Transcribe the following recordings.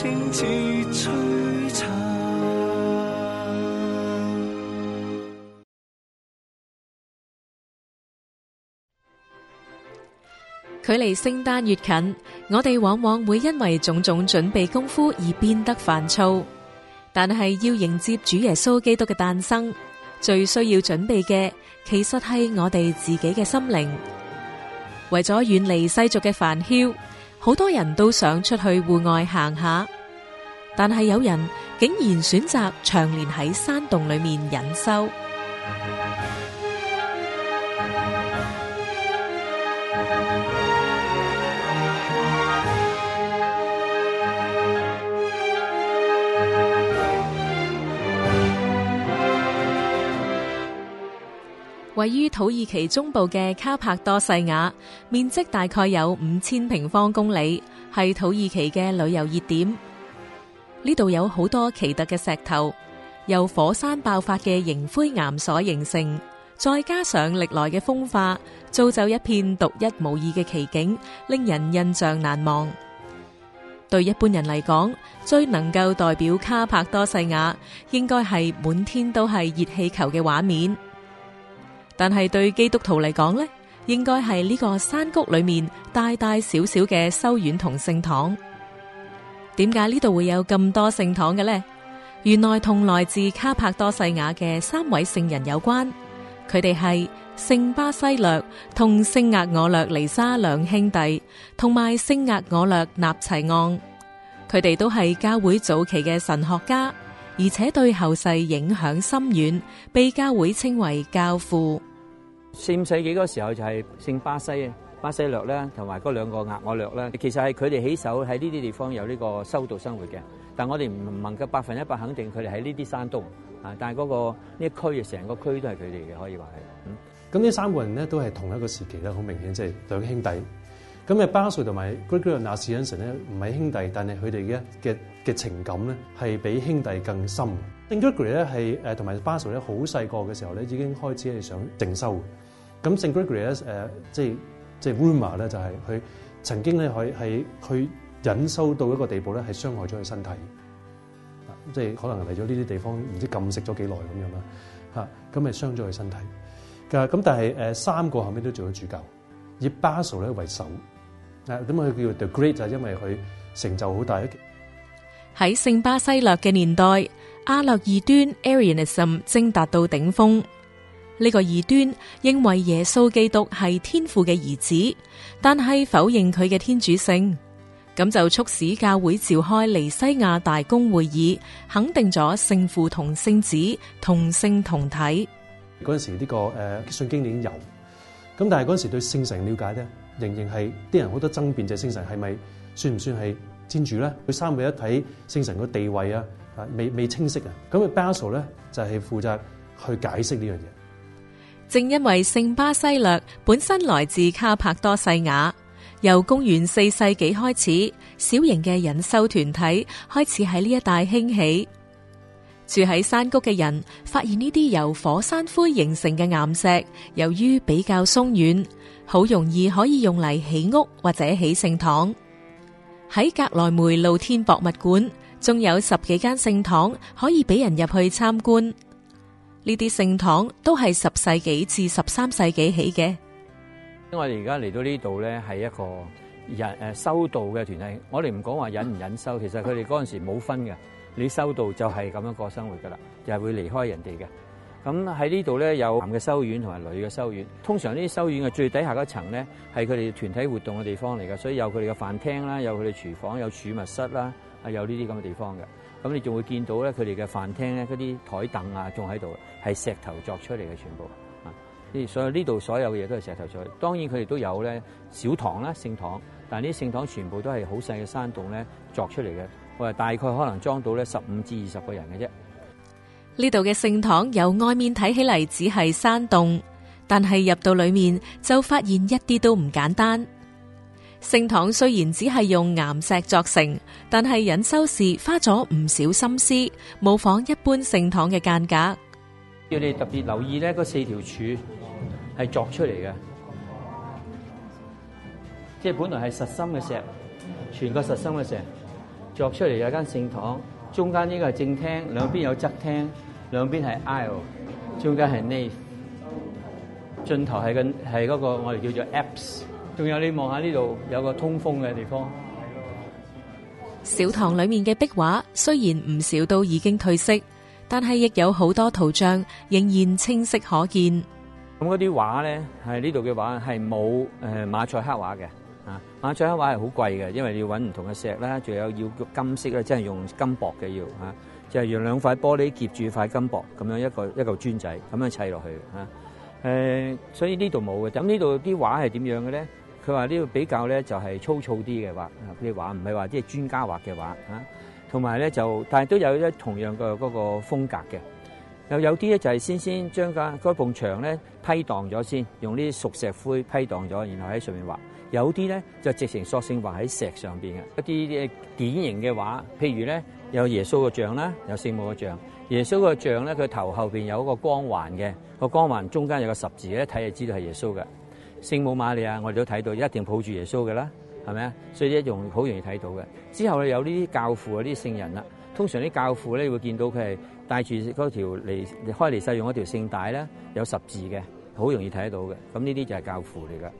清距離聖誕越近，我哋往往會因為種種準備功夫而變得煩躁。但係要迎接主耶穌基督嘅誕生，最需要準備嘅其實係我哋自己嘅心靈，為咗遠離世俗嘅煩囂。好多人都想出去戶外行下，但係有人竟然選擇長年喺山洞裏面隱修。位於土耳其中部嘅卡帕多西亞，面積大概有五千平方公里，係土耳其嘅旅遊熱點。呢度有好多奇特嘅石頭，由火山爆發嘅凝灰岩所形成，再加上歷來嘅風化，造就一片獨一無二嘅奇景，令人印象難忘。對一般人嚟講，最能夠代表卡帕多西亞，應該係滿天都係熱氣球嘅畫面。但係對基督徒嚟講呢，應該係呢個山谷裏面大大小小嘅修院同聖堂。點解呢度會有咁多聖堂嘅呢？原來同來自卡帕多西亞嘅三位聖人有關。佢哋係聖巴西略同聖厄我略尼沙兩兄弟，同埋聖厄我略納齊盎。佢哋都係教會早期嘅神學家。而且對後世影響深遠，被教會稱為教父。四五世紀嗰時候就係聖巴西啊、巴西略咧，同埋嗰兩個額我略咧，其實係佢哋起手喺呢啲地方有呢個修道生活嘅。但我哋唔能夠百分之一百肯定佢哋喺呢啲山洞啊。但係嗰、那個呢一區啊，成個區都係佢哋嘅，可以話係。咁呢三個人咧都係同一個時期咧，好明顯即係兩兄弟。咁啊，巴瑞同埋 Gregory Nazianzen 呢唔係兄弟，但係佢哋嘅嘅，嘅情感咧係比兄弟更深的。St. Gregory 咧，係誒，同埋 Basel 咧好細個嘅時候咧，已經開始係想靜修。咁 St. Gregory 誒、呃、即係即係 Ruma 咧，就係佢曾經咧係係佢忍修到一個地步咧，係傷害咗佢身體。即係可能嚟咗呢啲地方唔知禁食咗幾耐咁樣啦嚇，咁咪傷咗佢身體。咁但係誒，三個後尾都做咗主教，以 Basel 咧為首。啊，咁佢叫 The Great 就係因為佢成就好大。喺聖巴西略嘅年代，阿勒異端 Arianism 正達到頂峰。呢個異端認為耶穌基督係天父嘅兒子，但係否認佢嘅天主性，咁就促使教會召開尼西亞大公會議，肯定咗聖父同聖子同性同體。嗰陣時呢個誒信經已經有，咁但係嗰陣時對聖神了解咧，仍然係啲人好多爭辯，就聖神係咪算唔算係？佔住咧，佢三位一體聖神嘅地位啊，未未清晰啊。咁佢巴爾咧就係、是、負責去解釋呢樣嘢。正因為聖巴西略本身來自卡帕多西亞，由公元四世紀開始，小型嘅隱修團體開始喺呢一帶興起。住喺山谷嘅人發現呢啲由火山灰形成嘅岩石，由於比較鬆軟，好容易可以用嚟起屋或者起聖堂。喺格萊梅露天博物館，仲有十幾間聖堂可以俾人入去參觀。呢啲聖堂都係十世紀至十三世紀起嘅。我哋而家嚟到呢度咧，係一個人誒修道嘅團體。我哋唔講話忍唔忍修，其實佢哋嗰陣時冇分嘅。你修道就係咁樣過生活噶啦，就係會離開人哋嘅。咁喺呢度咧有男嘅修院同埋女嘅修院，通常呢啲修院嘅最底下嗰層咧係佢哋團體活動嘅地方嚟㗎。所以有佢哋嘅飯廳啦，有佢哋廚房，有儲物室啦，有呢啲咁嘅地方嘅。咁你仲會見到咧佢哋嘅飯廳咧嗰啲台凳啊，仲喺度，係石頭作出嚟嘅全部。啊，所以呢度所有嘅嘢都係石頭出嚟。當然佢哋都有咧小堂啦、聖堂，但係呢啲聖堂全部都係好細嘅山洞咧作出嚟嘅。我話大概可能裝到咧十五至二十個人嘅啫。呢度嘅聖堂由外面睇起嚟只係山洞，但係入到裏面就發現一啲都唔簡單。聖堂雖然只係用岩石鑿成，但係隱修士花咗唔少心思，模仿一般聖堂嘅間隔。要你特別留意咧，嗰四條柱係鑿出嚟嘅，即係本來係實心嘅石，全個實心嘅石鑿出嚟有間聖堂。中間呢個係正廳，兩邊有側廳，兩邊係 aisle，中間係 nave，盡頭係個係嗰個我哋叫做 apse。仲有，你望下呢度有個通風嘅地方。小堂裡面嘅壁畫雖然唔少都已經褪色，但係亦有好多圖像仍然清晰可見。咁嗰啲畫咧，係呢度嘅畫係冇誒馬賽克畫嘅。啊！孔雀畫係好貴嘅，因為你要揾唔同嘅石啦，仲有要金色啦，即係用金箔嘅要啊，就係用兩塊玻璃夾住塊金箔咁樣一個一嚿磚仔咁樣砌落去啊。誒，所以呢度冇嘅。咁呢度啲畫係點樣嘅咧？佢話呢度比較咧就係粗糙啲嘅畫，啲畫唔係話啲專家畫嘅畫啊，同埋咧就但係都有咧同樣嘅嗰個風格嘅。又有啲咧就係先先將架埲牆咧批蕩咗先，用啲熟石灰批蕩咗，然後喺上面畫。有啲咧就直情索性畫喺石上邊嘅一啲嘅典型嘅畫，譬如咧有耶穌嘅像啦，有聖母嘅像。耶穌個像咧，佢頭後邊有一個光環嘅，個光環中間有個十字，一睇就知道係耶穌嘅。聖母瑪利亞我哋都睇到，一定抱住耶穌嘅啦，係咪啊？所以呢一種好容易睇到嘅。之後咧有呢啲教父啊，啲聖人啦，通常啲教父咧會見到佢係帶住嗰條嚟開嚟使用一條聖帶啦，有十字嘅，好容易睇得到嘅。咁呢啲就係教父嚟噶。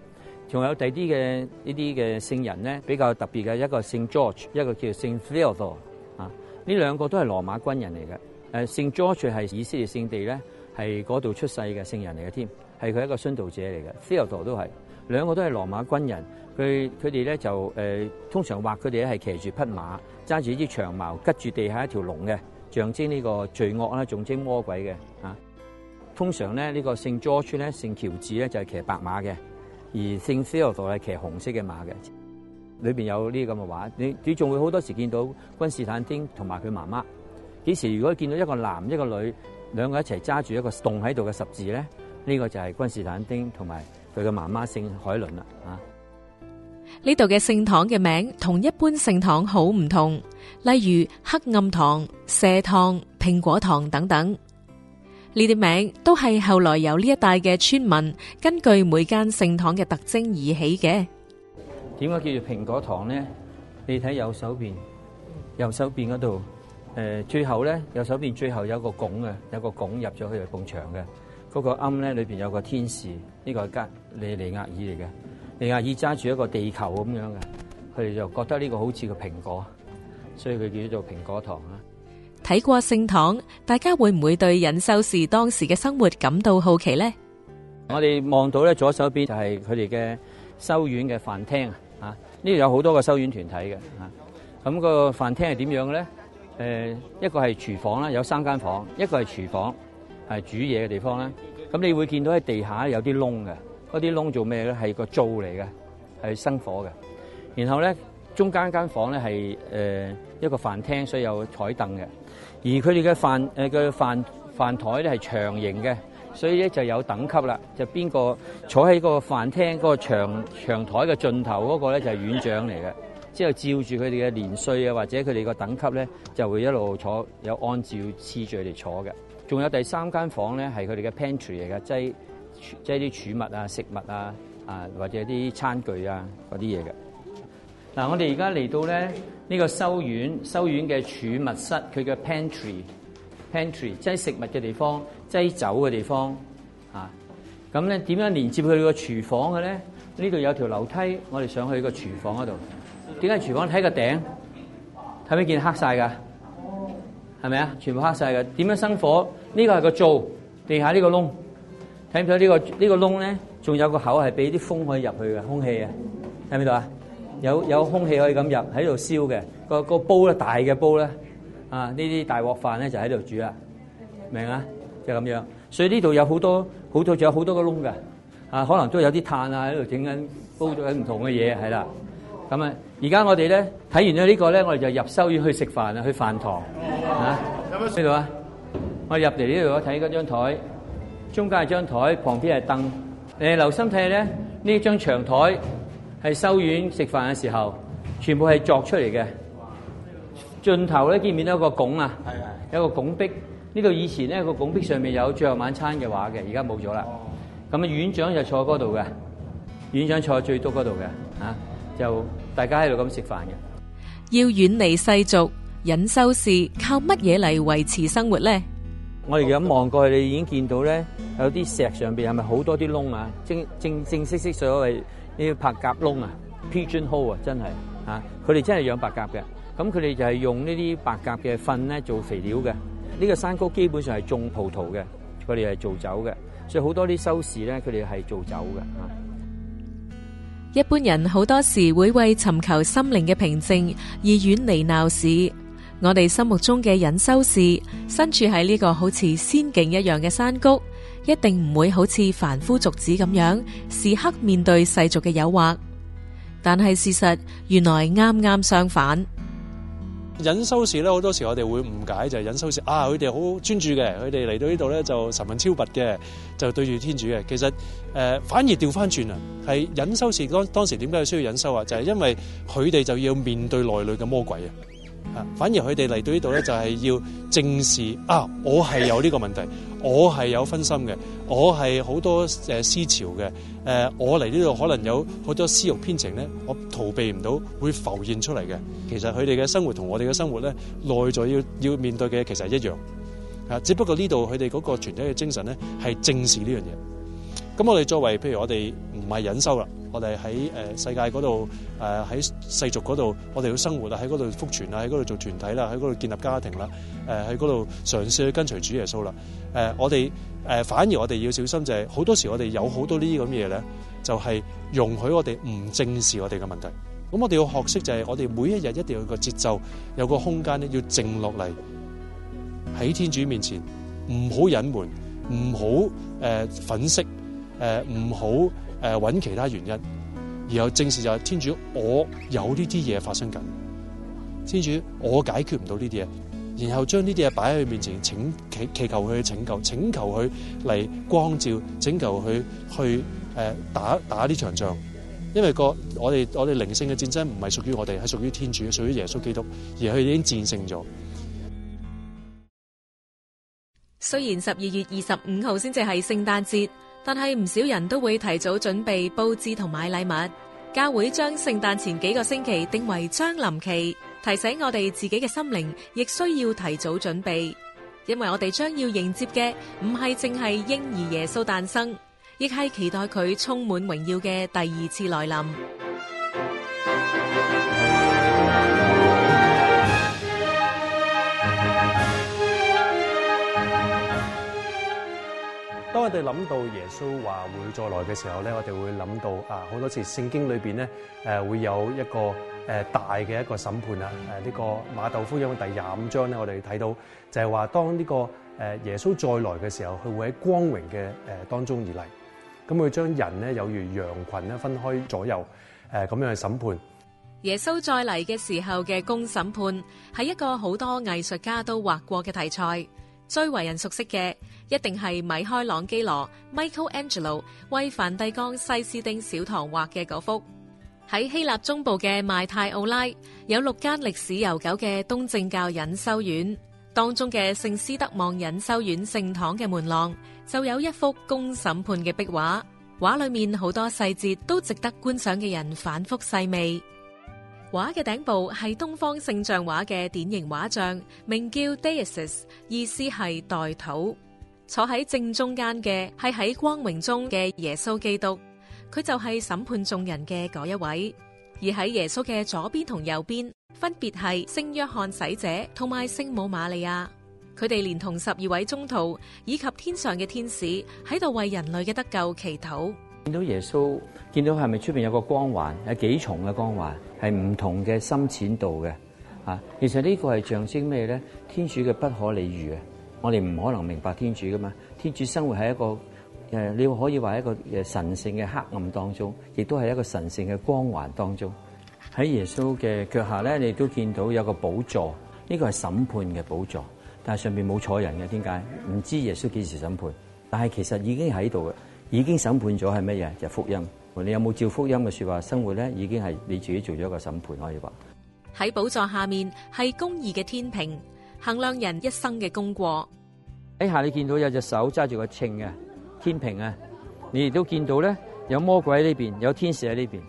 仲有第啲嘅呢啲嘅聖人咧，比較特別嘅一個聖 George，一個叫聖 Theodore 啊，呢兩個都係羅馬軍人嚟嘅。誒、啊，聖 George 係以色列聖地咧，係嗰度出世嘅聖人嚟嘅添，係佢一個殉道者嚟嘅。Theodore 都係兩個都係羅馬軍人，佢佢哋咧就誒、呃、通常畫佢哋咧係騎住匹馬，揸住啲長矛，拮住地下一條龍嘅，象徵呢個罪惡啦，象徵魔鬼嘅啊。通常咧呢、這個聖 George 咧，聖喬治咧就係、是、騎白馬嘅。而聖西羅索係騎紅色嘅馬嘅，裏邊有呢咁嘅畫，你你仲會好多時見到君士坦丁同埋佢媽媽。幾時如果見到一個男一個女兩個一齊揸住一個洞喺度嘅十字咧？呢個就係君士坦丁同埋佢嘅媽媽聖海倫啦。啊，呢度嘅聖堂嘅名同一般聖堂好唔同，例如黑暗堂、蛇堂、蘋果堂等等。呢啲名都係後來由呢一帶嘅村民根據每間聖堂嘅特徵而起嘅。點解叫做蘋果堂咧？你睇右手邊，右手邊嗰度，誒，最後咧，右手邊最後有個拱啊，有個拱入咗去嚟拱牆嘅。嗰個龕咧裏邊有個天使，呢個係吉利尼亞爾嚟嘅，尼亞爾揸住一個地球咁樣嘅，佢哋就覺得呢個好似個蘋果，所以佢叫做蘋果堂啦。睇過聖堂，大家會唔會對隱修士當時嘅生活感到好奇咧？我哋望到咧，左手邊就係佢哋嘅修院嘅飯廳啊！啊，呢度有好多個修院團體嘅啊。咁個飯廳係點樣嘅咧？誒，一個係廚房啦，有三間房，一個係廚房係煮嘢嘅地方咧。咁你會見到喺地下咧有啲窿嘅，嗰啲窿做咩咧？係個灶嚟嘅，係生火嘅。然後咧中間間房咧係誒一個飯廳，所以有枱凳嘅。而佢哋嘅飯誒嘅飯飯台咧係長形嘅，所以咧就有等級啦。就邊個坐喺個飯廳嗰個長長，長台嘅盡頭嗰個咧就係院長嚟嘅，之後照住佢哋嘅年歲啊，或者佢哋個等級咧，就會一路坐，有按照次序嚟坐嘅。仲有第三間房咧係佢哋嘅 pantry 嚟嘅，即係即係啲儲物啊、食物啊啊或者啲餐具啊嗰啲嘢嘅。嗱，我哋而家嚟到咧呢個修院修院嘅儲物室，佢嘅 pantry pantry，即係食物嘅地方，即係酒嘅地方啊。咁咧點樣連接去個廚房嘅咧？呢度有條樓梯，我哋上去個廚房嗰度。點解廚房睇個頂？睇唔睇見黑曬㗎？係咪啊？全部黑曬㗎。點樣生火？呢個係個灶，地下呢個窿、呢個呢個、窿呢個窿睇唔睇到呢個呢個窿咧？仲有個口係俾啲風可以入去嘅空氣啊！睇唔睇到啊？有有空氣可以咁入喺度燒嘅，個個煲咧大嘅煲咧，啊呢啲大鑊飯咧就喺度煮啦，明啊？就咁樣，所以呢度有好多，好多仲有好多個窿嘅，啊可能都有啲炭啊喺度整緊煲咗緊唔同嘅嘢係啦。咁啊，而家我哋咧睇完咗呢個咧，我哋就入修院去食飯啊，去飯堂嚇。咩路啊？我入嚟呢度睇嗰張台，中間係張台，旁邊係凳。誒，留心睇下咧呢張長台。係修院食飯嘅時候，全部係作出嚟嘅。盡頭咧見面有個拱啊，有個拱壁。呢度以前咧個拱壁上面有最後晚餐嘅畫嘅，而家冇咗啦。咁啊，院長就坐嗰度嘅，院長坐最多嗰度嘅嚇，就大家喺度咁食飯嘅。要遠離世俗，隱修士靠乜嘢嚟維持生活咧？我哋咁望過去你已經見到咧，有啲石上邊係咪好多啲窿啊？正正正式式所謂。呢啲白鴿窿啊 pigeon hole 啊，真係啊！佢哋真係養白鴿嘅，咁佢哋就係用呢啲白鴿嘅糞咧做肥料嘅。呢、呢個山谷基本上係種葡萄嘅，佢哋係做酒嘅，所以好多啲修士咧，佢哋係做酒嘅啊。一般人好多時會為尋求心靈嘅平靜而遠離鬧市，我哋心目中嘅隱修士，身處喺呢個好似仙境一樣嘅山谷，一定唔會好似凡夫俗子咁樣時刻面對世俗嘅誘惑，但係事實原來啱啱相反，隱修士咧，好多時我哋會誤解就係、是、隱修士啊，佢哋好專注嘅，佢哋嚟到呢度咧就神魂超拔嘅，就對住天主嘅。其實誒、呃、反而調翻轉啊，係隱修士當當時點解需要隱修啊？就係、是、因為佢哋就要面對內裏嘅魔鬼啊。反而佢哋嚟到呢度咧，就係要正視啊！我係有呢個問題，我係有分心嘅，我係好多誒思潮嘅誒、呃，我嚟呢度可能有好多私欲、偏情咧，我逃避唔到，會浮現出嚟嘅。其實佢哋嘅生活同我哋嘅生活咧，內在要要面對嘅其實係一樣。嚇，只不過呢度佢哋嗰個全體嘅精神咧，係正視呢樣嘢。咁我哋作為，譬如我哋唔係隱修啦，我哋喺、呃、世界嗰度，喺、呃、世俗嗰度，我哋要生活啦，喺嗰度復存啦，喺嗰度做團體啦，喺嗰度建立家庭啦，喺嗰度嘗試去跟隨主耶穌啦、呃。我哋、呃、反而我哋要小心就係、是，好多時我哋有好多呢啲咁嘢咧，就係、是、容許我哋唔正視我哋嘅問題。咁我哋要學識就係、是，我哋每一日一定要有個節奏，有個空間咧，要靜落嚟喺天主面前，唔好隱瞞，唔好、呃、粉飾。誒、呃，唔好誒揾，其他原因，然後正視就係、是，天主，我有呢啲嘢發生緊。天主，我解決唔到呢啲嘢，然後將呢啲嘢擺喺佢面前，請祈祈求佢去拯救，請求佢嚟光照，請求佢去誒、呃、打打呢場仗。因為，個我哋我哋靈性嘅戰爭唔係屬於我哋，係屬於天主，屬於耶穌基督，而佢已經戰勝咗。雖然十二月二十五號先至係聖誕節。但係唔少人都會提早準備布置同買禮物，教會將聖誕前幾個星期定為將臨期，提醒我哋自己嘅心靈亦需要提早準備，因為我哋將要迎接嘅唔係淨係嬰兒耶穌誕生，亦係期待佢充滿榮耀嘅第二次來臨。我哋諗到耶穌話會再來嘅時候咧，我哋會諗到啊，好多次聖經裏邊咧，誒會有一個誒大嘅一個審判啊，誒呢個瑪竇福音第廿五章咧，我哋睇到就係話當呢個誒耶穌再來嘅時候，佢會喺光榮嘅誒當中而嚟，咁佢將人咧有如羊群咧分開左右誒咁樣去審判。耶穌再嚟嘅時候嘅公審判係一個好多藝術家都畫過嘅題材。最為人熟悉嘅，一定係米開朗基羅 （Michael Angelo） 為梵蒂岡西斯丁小堂畫嘅嗰幅。喺希臘中部嘅邁泰奧拉有六間歷史悠久嘅東正教隱修院，當中嘅聖斯德望隱修院聖堂嘅門廊就有一幅公審判嘅壁畫，畫裏面好多細節都值得觀賞嘅人反覆細味。畫嘅頂部係東方聖像畫嘅典型畫像，名叫 Deisis，意思係代禱。坐喺正中間嘅係喺光榮中嘅耶穌基督，佢就係審判眾人嘅嗰一位。而喺耶穌嘅左邊同右邊，分別係聖約翰洗者同埋聖母瑪利亞，佢哋連同十二位宗徒以及天上嘅天使喺度為人類嘅得救祈禱。見到耶穌，見到係咪出邊有個光環？有幾重嘅光環？係唔同嘅深淺度嘅啊，其實呢個係象徵咩咧？天主嘅不可理喻啊！我哋唔可能明白天主噶嘛？天主生活喺一個誒，你可以話一個誒神聖嘅黑暗當中，亦都係一個神聖嘅光環當中。喺耶穌嘅腳下咧，你都見到有個寶座，呢個係審判嘅寶座，但係上邊冇坐人嘅。點解？唔知耶穌幾時審判，但係其實已經喺度嘅。已經審判咗係乜嘢？就係福音。你有冇照福音嘅説話生活咧？已經係你自己做咗一個審判，可以話喺寶座下面係公義嘅天平，衡量人一生嘅功過。喺、哎、下你見到有隻手揸住個秤嘅天平啊！你亦都見到咧，有魔鬼喺呢邊，有天使喺呢邊。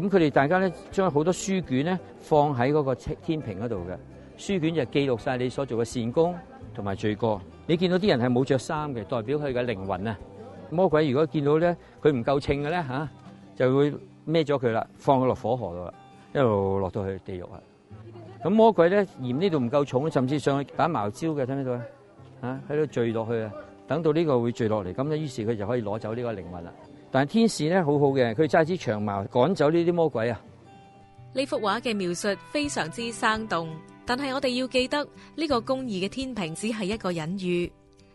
咁佢哋大家咧，將好多書卷咧放喺嗰個天平嗰度嘅書卷就記錄晒你所做嘅善功同埋罪過。你見到啲人係冇着衫嘅，代表佢嘅靈魂啊！魔鬼如果見到咧，佢唔夠稱嘅咧嚇，就會孭咗佢啦，放佢落火河度啦，一路落到去地獄啊！咁魔鬼咧嫌呢度唔夠重，甚至上去打茅蕉嘅，聽唔聽到啊？嚇，喺度墜落去啊！等到呢個會墜落嚟，咁咧於是佢就可以攞走呢個靈魂啦。但係天使咧好好嘅，佢揸支長矛趕走呢啲魔鬼啊！呢幅畫嘅描述非常之生動，但係我哋要記得呢個公義嘅天平只係一個隱喻。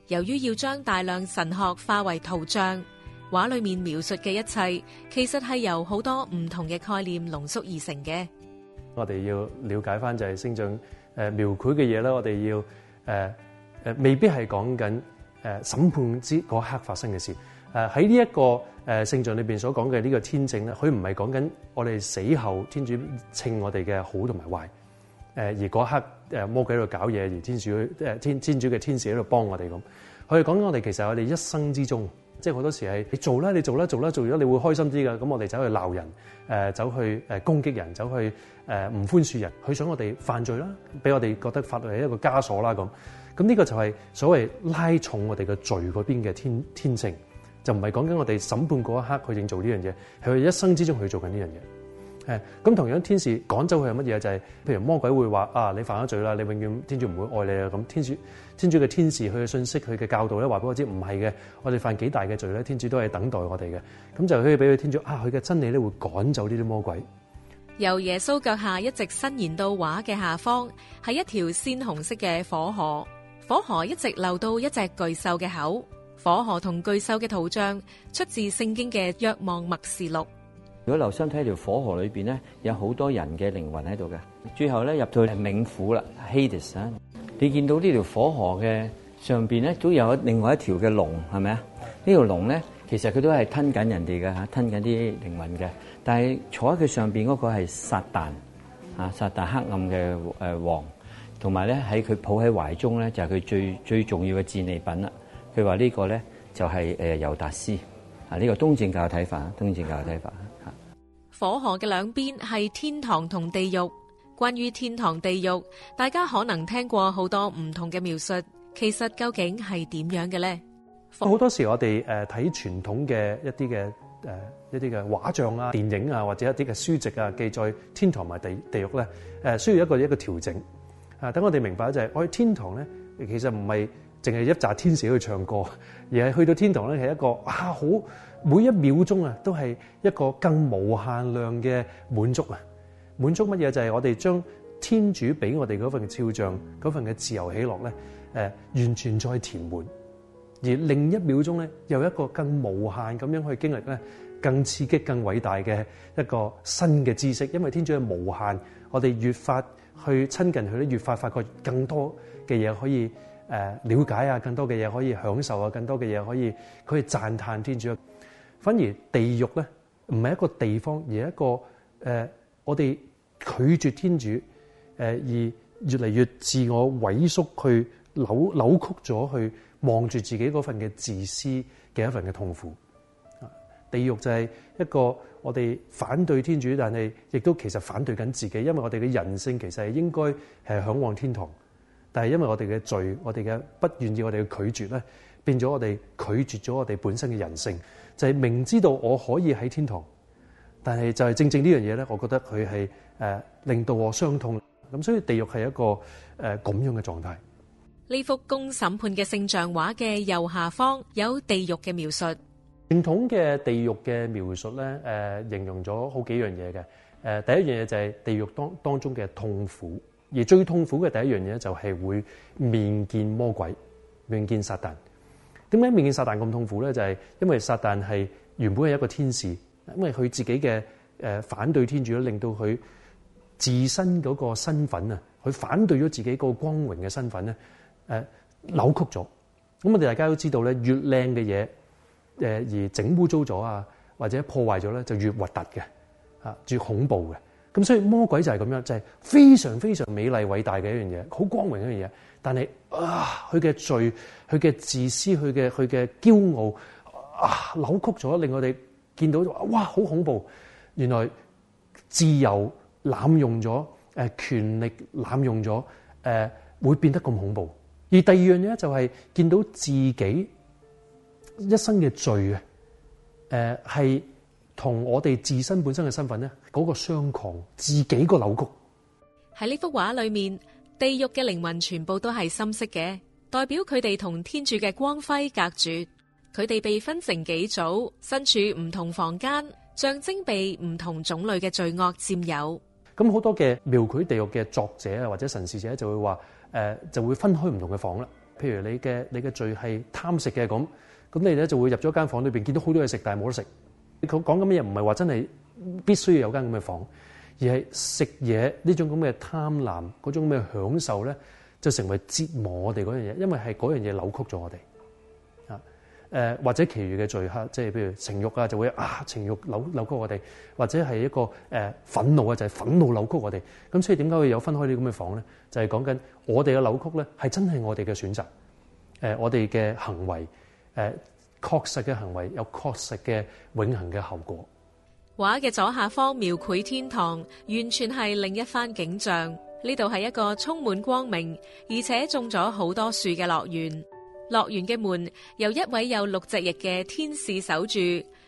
由於要將大量神學化為圖像，畫裏面描述嘅一切，其實係由好多唔同嘅概念濃縮而成嘅。我哋要了解翻就係聖像誒描繪嘅嘢啦，我哋要誒誒、呃、未必係講緊誒審判之嗰刻發生嘅事。誒喺呢一個誒聖像裏邊所講嘅呢個天證咧，佢唔係講緊我哋死後天主稱我哋嘅好同埋壞，誒、呃、而嗰刻。誒魔鬼喺度搞嘢，而天主誒天天主嘅天使喺度幫我哋咁。佢講緊我哋，其實我哋一生之中，即係好多時係你做啦，你做啦，做啦，做咗你會開心啲嘅。咁我哋走去鬧人、呃，走去攻擊人，走去唔寬恕人。佢想我哋犯罪啦，俾我哋覺得法律係一個枷鎖啦咁。咁呢個就係所謂拉重我哋嘅罪嗰邊嘅天天性，就唔係講緊我哋審判嗰一刻佢認做呢樣嘢，係佢一生之中佢做緊呢樣嘢。咁同樣天使趕走佢係乜嘢？就係、是、譬如魔鬼會話啊，你犯咗罪啦，你永遠天主唔會愛你啊！咁天主天主嘅天使，佢嘅信息佢嘅教導咧，話俾我知唔係嘅，我哋犯幾大嘅罪咧，天主都係等待我哋嘅。咁就可以俾佢天主啊，佢嘅真理咧會趕走呢啲魔鬼。由耶穌腳下一直伸延到畫嘅下方，係一條鮮紅色嘅火河，火河一直流到一隻巨獸嘅口。火河同巨獸嘅圖像出自聖經嘅若望默示錄。如果留心睇條火河裏邊咧，有好多人嘅靈魂喺度嘅。最後咧入到係冥府啦，Hades。你見到呢條火河嘅上邊咧，都有另外一條嘅龍，係咪啊？呢條龍咧，其實佢都係吞緊人哋嘅㗎，吞緊啲靈魂嘅。但係坐喺佢上邊嗰個係撒旦啊，撒旦黑暗嘅誒王，同埋咧喺佢抱喺懷中咧，就係、是、佢最最重要嘅戰利品啦。佢話呢個咧就係誒猶達斯啊，呢、這個東正教嘅睇法，東正教嘅睇法。火河嘅兩邊係天堂同地獄。關於天堂、地獄，大家可能聽過好多唔同嘅描述。其實究竟係點樣嘅咧？好多時我哋誒睇傳統嘅一啲嘅誒一啲嘅畫像啊、電影啊或者一啲嘅書籍啊記載天堂同埋地地獄咧，誒需要一個一個調整啊。等我哋明白就係我喺天堂咧，其實唔係淨係一紮天使去唱歌，而係去到天堂咧係一個啊好。每一秒鐘啊，都係一個更無限量嘅滿足啊！滿足乜嘢？就係、是、我哋將天主俾我哋嗰份肖像，嗰份嘅自由喜樂咧，誒，完全再填滿。而另一秒鐘咧，又一個更無限咁樣去經歷咧，更刺激、更偉大嘅一個新嘅知識。因為天主係無限，我哋越發去親近佢咧，越發發覺更多嘅嘢可以誒了解啊，更多嘅嘢可以享受啊，更多嘅嘢可以可以讚嘆天主啊！反而地獄咧，唔係一個地方，而係一個、呃、我哋拒絕天主，呃、而越嚟越自我萎縮，去扭，扭曲咗去望住自己嗰份嘅自私嘅一份嘅痛苦。地獄就係一個我哋反對天主，但係亦都其實反對緊自己，因為我哋嘅人性其實係應該係嚮往天堂，但係因為我哋嘅罪，我哋嘅不願意，我哋嘅拒絕咧，變咗我哋拒絕咗我哋本身嘅人性。就係、是，明知道我可以喺天堂，但係就係正正呢樣嘢咧，我覺得佢係誒令到我傷痛。咁所以地獄係一個誒咁、呃、樣嘅狀態。呢幅公審判嘅聖像畫嘅右下方有地獄嘅描述。傳統嘅地獄嘅描述咧，誒、呃、形容咗好幾樣嘢嘅。誒、呃、第一樣嘢就係地獄當當中嘅痛苦，而最痛苦嘅第一樣嘢就係會面見魔鬼，面見撒旦。點解面見撒旦咁痛苦咧？就係因為撒旦係原本係一個天使，因為佢自己嘅誒反對天主，令到佢自身嗰個身份啊，佢反對咗自己個光榮嘅身份咧，誒扭曲咗。咁我哋大家都知道咧，越靚嘅嘢誒而整污糟咗啊，或者破壞咗咧，就越核突嘅啊，越恐怖嘅。咁所以魔鬼就係咁樣，就係、是、非常非常美麗偉大嘅一樣嘢，好光榮一樣嘢。但係啊，佢、呃、嘅罪，佢嘅自私，佢嘅佢嘅驕傲啊、呃，扭曲咗，令我哋見到哇，好恐怖！原來自由濫用咗，誒、呃，權力濫用咗，誒、呃，會變得咁恐怖。而第二樣嘢咧就係、是、見到自己一生嘅罪啊，誒、呃，係同我哋自身本身嘅身份咧。嗰、那個雙狂，自己個扭曲喺呢幅畫裏面，地獄嘅靈魂全部都係深色嘅，代表佢哋同天主嘅光輝隔絕。佢哋被分成幾組，身處唔同房間，象徵被唔同種類嘅罪惡佔有。咁好多嘅描繪地獄嘅作者啊，或者神事者就會話：誒、呃，就會分開唔同嘅房啦。譬如你嘅你嘅罪係貪食嘅咁咁你咧就會入咗一間房間裏邊，見到好多嘢食，但係冇得食。佢講緊咩嘢？唔係話真係。必須要有一間咁嘅房，而係食嘢呢種咁嘅貪婪，嗰種咩享受咧，就成為折磨我哋嗰樣嘢，因為係嗰樣嘢扭曲咗我哋啊。誒、呃、或者其餘嘅罪客，即係譬如情慾啊，就會啊情慾扭扭曲我哋，或者係一個誒、呃、憤怒啊，就係、是、憤怒扭曲我哋。咁所以點解會有分開啲咁嘅房咧？就係講緊我哋嘅扭曲咧，係真係我哋嘅選擇。誒、呃、我哋嘅行為，誒、呃、確實嘅行為有確實嘅永恆嘅後果。畫嘅左下方描繪天堂，完全係另一番景象。呢度係一個充滿光明，而且種咗好多樹嘅樂園。樂園嘅門由一位有六隻翼嘅天使守住，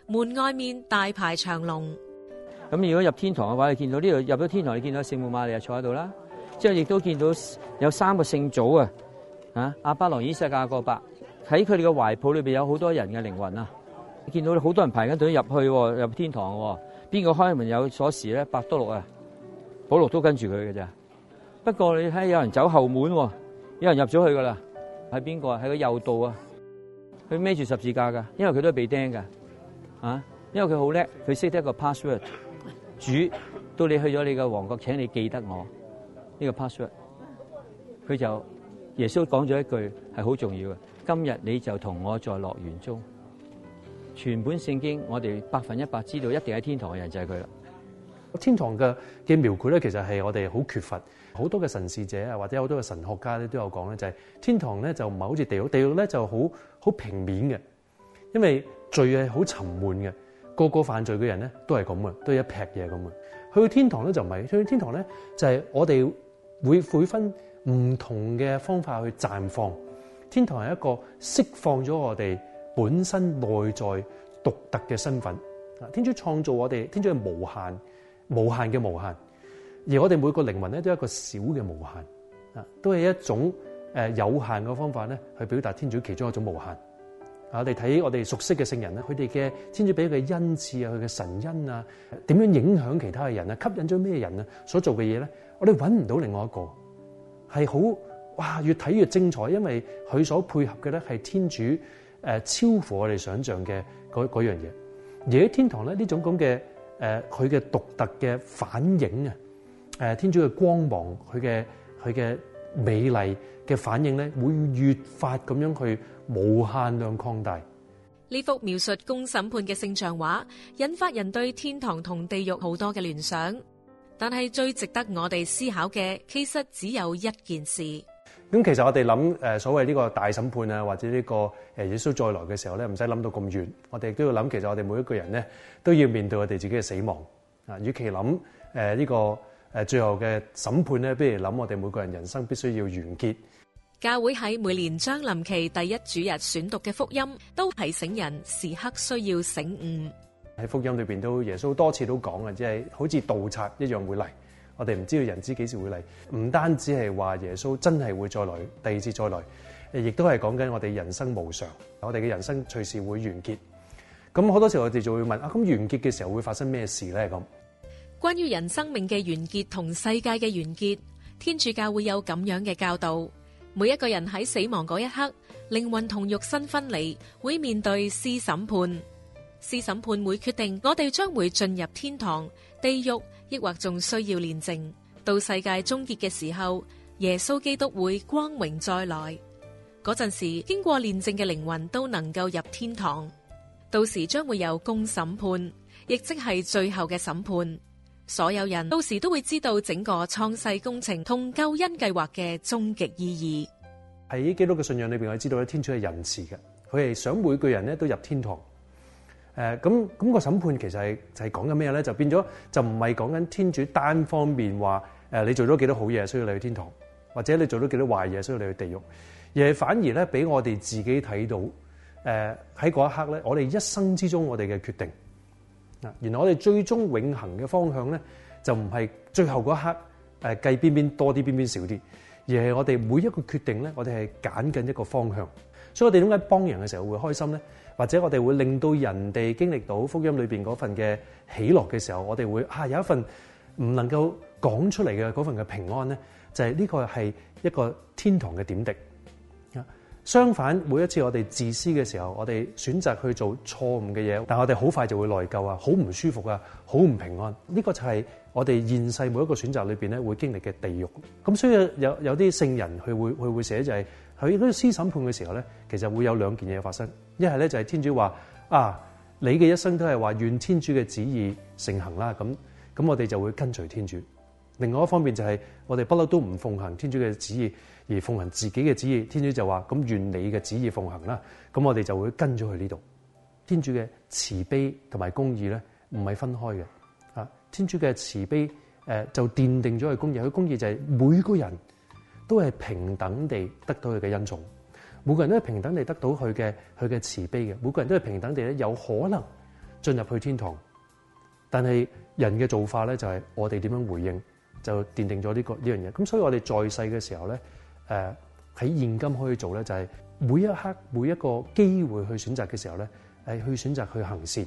門外面大排長龍。咁如果入天堂嘅話，你見到呢度入咗天堂，你見到聖母瑪利亞坐喺度啦，之後亦都見到有三個聖祖啊，啊阿巴郎、伊撒架、個伯，喺佢哋嘅懷抱裏邊有好多人嘅靈魂啊。見到好多人排緊隊入去入天堂，邊個開門有鎖匙咧？伯多祿啊，保羅都跟住佢嘅咋。不過你睇，有人走後門，有人入咗去噶啦，喺邊個啊？喺個右道啊，佢孭住十字架噶，因為佢都係被釘噶。啊，因為佢好叻，佢識得一個 password。主，到你去咗你嘅王國，請你記得我。呢個 password。佢就耶穌講咗一句係好重要嘅：今日你就同我在樂園中。全本聖經，我哋百分一百知道一定係天堂嘅人就係佢啦。天堂嘅嘅描繪咧，其實係我哋好缺乏，好多嘅神事者啊，或者好多嘅神學家咧都有講咧，就係天堂咧就唔係好似地獄，地獄咧就好好平面嘅，因為罪係好沉悶嘅，個個犯罪嘅人咧都係咁嘅，都係一劈嘢咁嘅。去到天堂咧就唔係，去到天堂咧就係我哋會會分唔同嘅方法去綻放。天堂係一個釋放咗我哋本身內在獨特嘅身份，天主創造我哋，天主係無限、無限嘅無限，而我哋每個靈魂咧都係一個小嘅無限，啊，都係一種誒有限嘅方法咧去表達天主其中一種無限。啊，我哋睇我哋熟悉嘅聖人咧，佢哋嘅天主俾佢嘅恩賜啊，佢嘅神恩啊，點樣影響其他嘅人啊，吸引咗咩人啊，所做嘅嘢咧，我哋揾唔到另外一個，係好哇，越睇越精彩，因為佢所配合嘅咧係天主。誒超乎我哋想象嘅嗰樣嘢，而天堂咧呢種咁嘅誒佢嘅獨特嘅反應啊，誒、呃、天主嘅光芒佢嘅佢嘅美麗嘅反應咧，會越發咁樣去無限量擴大。呢幅描述公審判嘅聖像畫，引發人對天堂同地獄好多嘅聯想，但係最值得我哋思考嘅，其實只有一件事。咁其實我哋諗誒所謂呢個大審判啊，或者呢個誒耶穌再來嘅時候咧，唔使諗到咁遠。我哋亦都要諗，其實我哋每一個人咧都要面對我哋自己嘅死亡啊。與其諗誒呢個誒最後嘅審判咧，不如諗我哋每個人人生必須要完結。教會喺每年將臨期第一主日選讀嘅福音，都提醒人時刻需要醒悟。喺福音裏邊都耶穌多次都講啊，即係好似盜賊一樣會嚟。我哋唔知道人知幾時會嚟，唔單止係話耶穌真係會再來，第二次再來，亦都係講緊我哋人生無常，我哋嘅人生隨時會完結。咁好多時候我哋就會問啊，「咁完結嘅時候會發生咩事呢？」咁關於人生命嘅完結同世界嘅完結，天主教會有咁樣嘅教導。每一個人喺死亡嗰一刻，靈魂同肉身分離，會面對私審判。私審判會決定我哋將會進入天堂、地獄。抑或仲需要煉證，到世界終結嘅時候，耶穌基督會光榮再來。嗰陣時，經過煉證嘅靈魂都能夠入天堂。到時將會有公審判，亦即係最後嘅審判。所有人到時都會知道整個創世工程同救恩計劃嘅終極意義。喺基督嘅信仰裏邊，我知道天主係仁慈嘅，佢係想每個人咧都入天堂。誒咁，咁個審判其實就係講緊咩咧？就變咗就唔係講緊天主單方面話你做咗幾多好嘢需要你去天堂，或者你做咗幾多壞嘢需要你去地獄，而係反而咧，俾我哋自己睇到喺嗰一刻咧，我哋一生之中我哋嘅決定啊，原來我哋最終永恒嘅方向咧就唔係最後嗰一刻計邊邊多啲邊邊少啲，而係我哋每一個決定咧，我哋係揀緊一個方向。所以我哋點解幫人嘅時候會開心咧？或者我哋會令到人哋經歷到福音裏邊嗰份嘅喜樂嘅時候，我哋會啊有一份唔能夠講出嚟嘅嗰份嘅平安咧，就係呢個係一個天堂嘅點滴。相反，每一次我哋自私嘅時候，我哋選擇去做錯誤嘅嘢，但係我哋好快就會內疚啊，好唔舒服啊，好唔平安。呢個就係我哋現世每一個選擇裏邊咧會經歷嘅地獄。咁所以有有啲聖人佢會佢會寫就係。佢嗰啲私審判嘅時候咧，其實會有兩件嘢發生。一係咧就係天主話啊，你嘅一生都係話願天主嘅旨意成行啦。咁咁我哋就會跟隨天主。另外一方面就係、是、我哋不嬲都唔奉行天主嘅旨意，而奉行自己嘅旨意。天主就話咁願你嘅旨意奉行啦。咁我哋就會跟咗去呢度。天主嘅慈悲同埋公義咧，唔係分開嘅啊。天主嘅慈悲、呃、就奠定咗佢公義。佢公義就係每個人，都係平等地得到佢嘅恩寵，每個人都係平等地得到佢嘅佢嘅慈悲嘅，每個人都係平等地咧有可能進入去天堂。但係人嘅做法咧就係我哋點樣回應，就奠定咗呢個呢樣嘢。咁所以我哋在世嘅時候咧，誒喺現今可以做咧就係每一刻每一個機會去選擇嘅時候咧，誒去選擇去行善，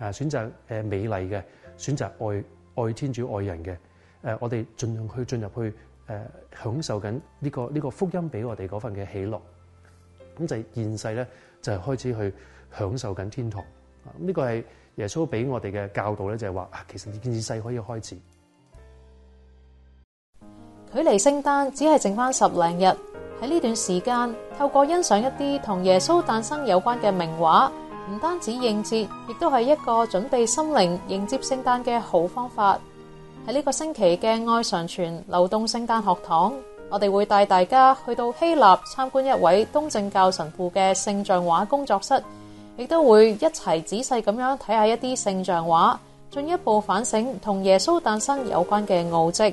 啊選擇誒美麗嘅，選擇愛愛天主愛人嘅，誒我哋盡量去進入去。誒，享受緊呢個呢個福音俾我哋嗰份嘅喜樂，咁就現世咧就係開始去享受緊天堂。咁呢個係耶穌俾我哋嘅教導咧，就係話啊，其實現世可以開始。距離聖誕只係剩翻十零日，喺呢段時間透過欣賞一啲同耶穌誕生有關嘅名畫，唔單止應節，亦都係一個準備心靈迎接聖誕嘅好方法。喺呢個星期嘅愛上傳流動聖誕學堂，我哋會帶大家去到希臘參觀一位東正教神父嘅聖像畫工作室，亦都會一齊仔細咁樣睇下一啲聖像畫，進一步反省同耶穌誕生有關嘅奧蹟。